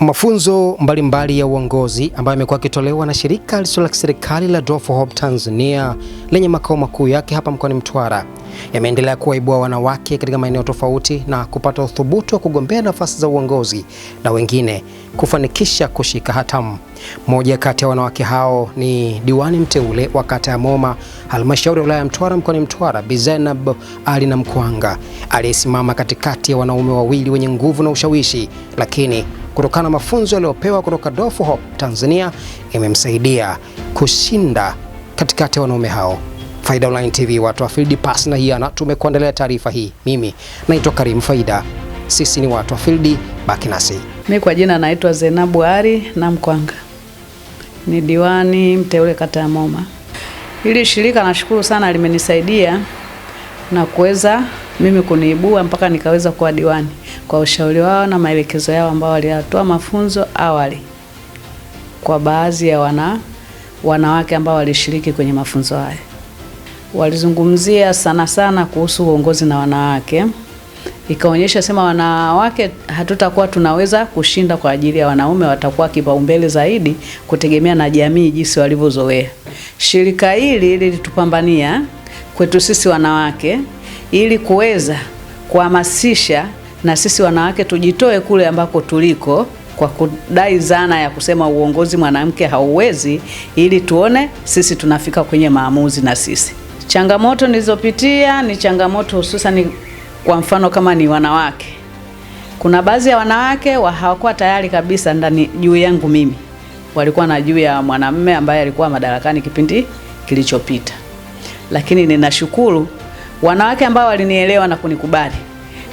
Mafunzo mbalimbali ya uongozi ambayo yamekuwa yakitolewa na shirika lisilo la kiserikali la Door for Hope Tanzania lenye makao makuu yake hapa mkoani Mtwara yameendelea kuwaibua wanawake katika maeneo tofauti na kupata uthubutu wa kugombea nafasi za uongozi na wengine kufanikisha kushika hatamu. Mmoja kati ya wanawake hao ni diwani mteule wa kata ya Moma, halmashauri ya wilaya ya Mtwara mkoani Mtwara, Bi Zainab Ali Namkwanga, aliyesimama katikati ya wanaume wawili wenye nguvu na ushawishi, lakini kutokana na mafunzo aliyopewa kutoka Dofu Hope Tanzania imemsaidia kushinda katikati ya wanaume hao. Faida Online TV, watu wa field pass na hiana, tumekuandalia taarifa hii. Mimi naitwa Karim Faida, sisi ni watu wa field, baki nasi. Mimi kwa jina naitwa Zenabu Ari na Mkwanga, ni diwani mteule kata ya Moma. Hili shirika nashukuru sana limenisaidia na kuweza mimi kuniibua mpaka nikaweza kuwa diwani kwa ushauri wao na maelekezo yao ambao waliyatoa mafunzo awali kwa baadhi ya wana, wanawake ambao walishiriki kwenye mafunzo haya. Walizungumzia sana sana kuhusu uongozi na wanawake, ikaonyesha sema wanawake hatutakuwa tunaweza kushinda kwa ajili ya wanaume, watakuwa kipaumbele zaidi kutegemea na jamii jinsi walivyozoea. Shirika hili lilitupambania kwetu sisi wanawake ili kuweza kuhamasisha na sisi wanawake tujitoe kule ambako tuliko kwa kudai zana ya kusema uongozi mwanamke hauwezi, ili tuone sisi tunafika kwenye maamuzi. Na sisi changamoto nilizopitia ni changamoto hususan, kwa mfano kama ni wanawake, kuna baadhi ya wanawake wa hawakuwa tayari kabisa ndani juu yangu mimi, walikuwa na juu ya mwanamume ambaye alikuwa madarakani kipindi kilichopita, lakini ninashukuru Wanawake ambao walinielewa na kunikubali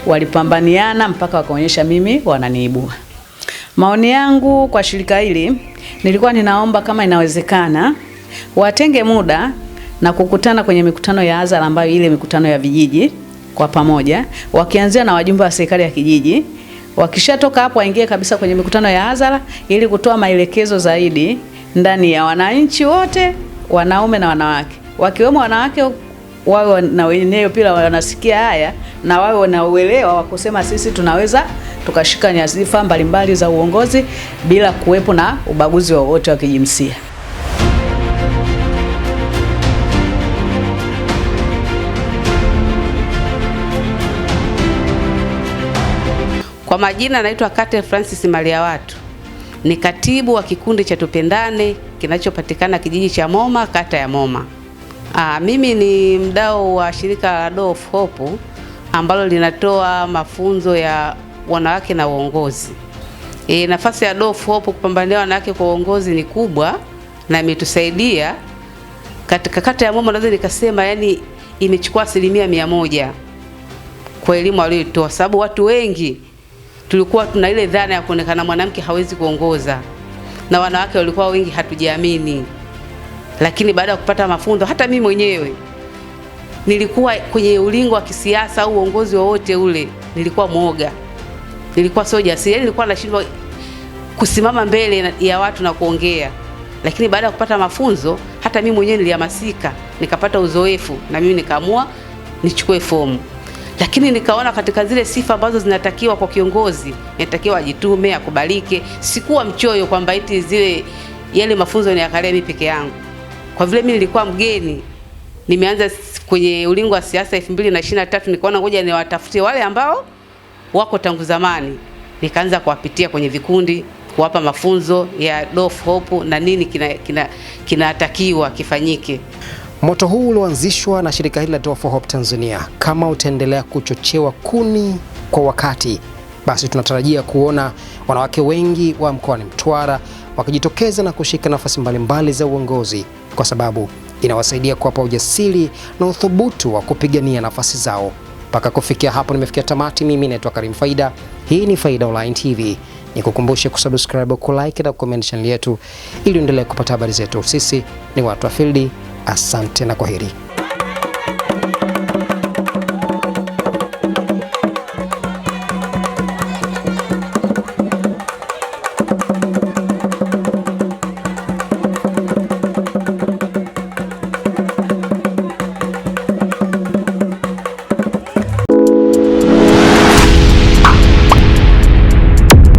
walipambaniana mpaka wakaonyesha mimi wananiibua. Maoni yangu kwa shirika hili, nilikuwa ninaomba kama inawezekana watenge muda na kukutana kwenye mikutano ya hadhara ambayo ile mikutano ya vijiji kwa pamoja, wakianzia na wajumbe wa serikali ya kijiji. Wakishatoka hapo, waingie kabisa kwenye mikutano ya hadhara ili kutoa maelekezo zaidi ndani ya wananchi wote, wanaume na wanawake, wakiwemo wanawake wawe na wenyewe pia wanasikia haya na wawe na uelewa wa kusema sisi tunaweza tukashika nyadhifa mbalimbali za uongozi bila kuwepo na ubaguzi wowote wa, wa kijinsia. Kwa majina naitwa Kate Francis Malia Watu, ni katibu wa kikundi cha Tupendane kinachopatikana kijiji cha Moma, kata ya Moma. Aa, ah, mimi ni mdau wa shirika la Door of Hope ambalo linatoa mafunzo ya wanawake na uongozi. E, nafasi ya Door of Hope kupambania wanawake kwa uongozi ni kubwa na imetusaidia katika kata ya Momo, naweza nikasema yani imechukua asilimia mia moja kwa elimu aliyotoa, sababu watu wengi tulikuwa tuna ile dhana ya kuonekana mwanamke hawezi kuongoza na wanawake walikuwa wengi hatujiamini. Lakini baada ya kupata mafunzo, hata mimi mwenyewe nilikuwa kwenye ulingo wa kisiasa au uongozi wowote ule, nilikuwa mwoga, nilikuwa sio jasiri, yaani nilikuwa nashindwa kusimama mbele ya watu na kuongea. Lakini baada ya kupata mafunzo, hata mimi mwenyewe nilihamasika, nikapata uzoefu na mimi nikaamua nichukue fomu lakini nikaona katika zile sifa ambazo zinatakiwa kwa kiongozi, inatakiwa ajitume, akubalike. Sikuwa mchoyo kwamba eti zile yale mafunzo ni akalia mimi peke yangu. Kwa vile mimi nilikuwa mgeni, nimeanza kwenye ulingo wa siasa 2023 nikaona ngoja niwatafute wale ambao wako tangu zamani, nikaanza kuwapitia kwenye vikundi, kuwapa mafunzo ya Dof Hope na nini kinatakiwa kina, kina kifanyike. Moto huu ulioanzishwa na shirika hili la Dof Hope Tanzania, kama utaendelea kuchochewa kuni kwa wakati, basi tunatarajia kuona wanawake wengi wa mkoani Mtwara wakijitokeza na kushika nafasi mbalimbali za uongozi kwa sababu inawasaidia kuwapa ujasiri na uthubutu wa kupigania nafasi zao. Mpaka kufikia hapo nimefikia tamati. Mimi naitwa Karim Faida, hii ni Faida Online TV. Nikukumbushe kusubscribe, kulike na kucomment channel yetu ili uendelee kupata habari zetu. Sisi ni watu wa Field. Asante na kwaheri.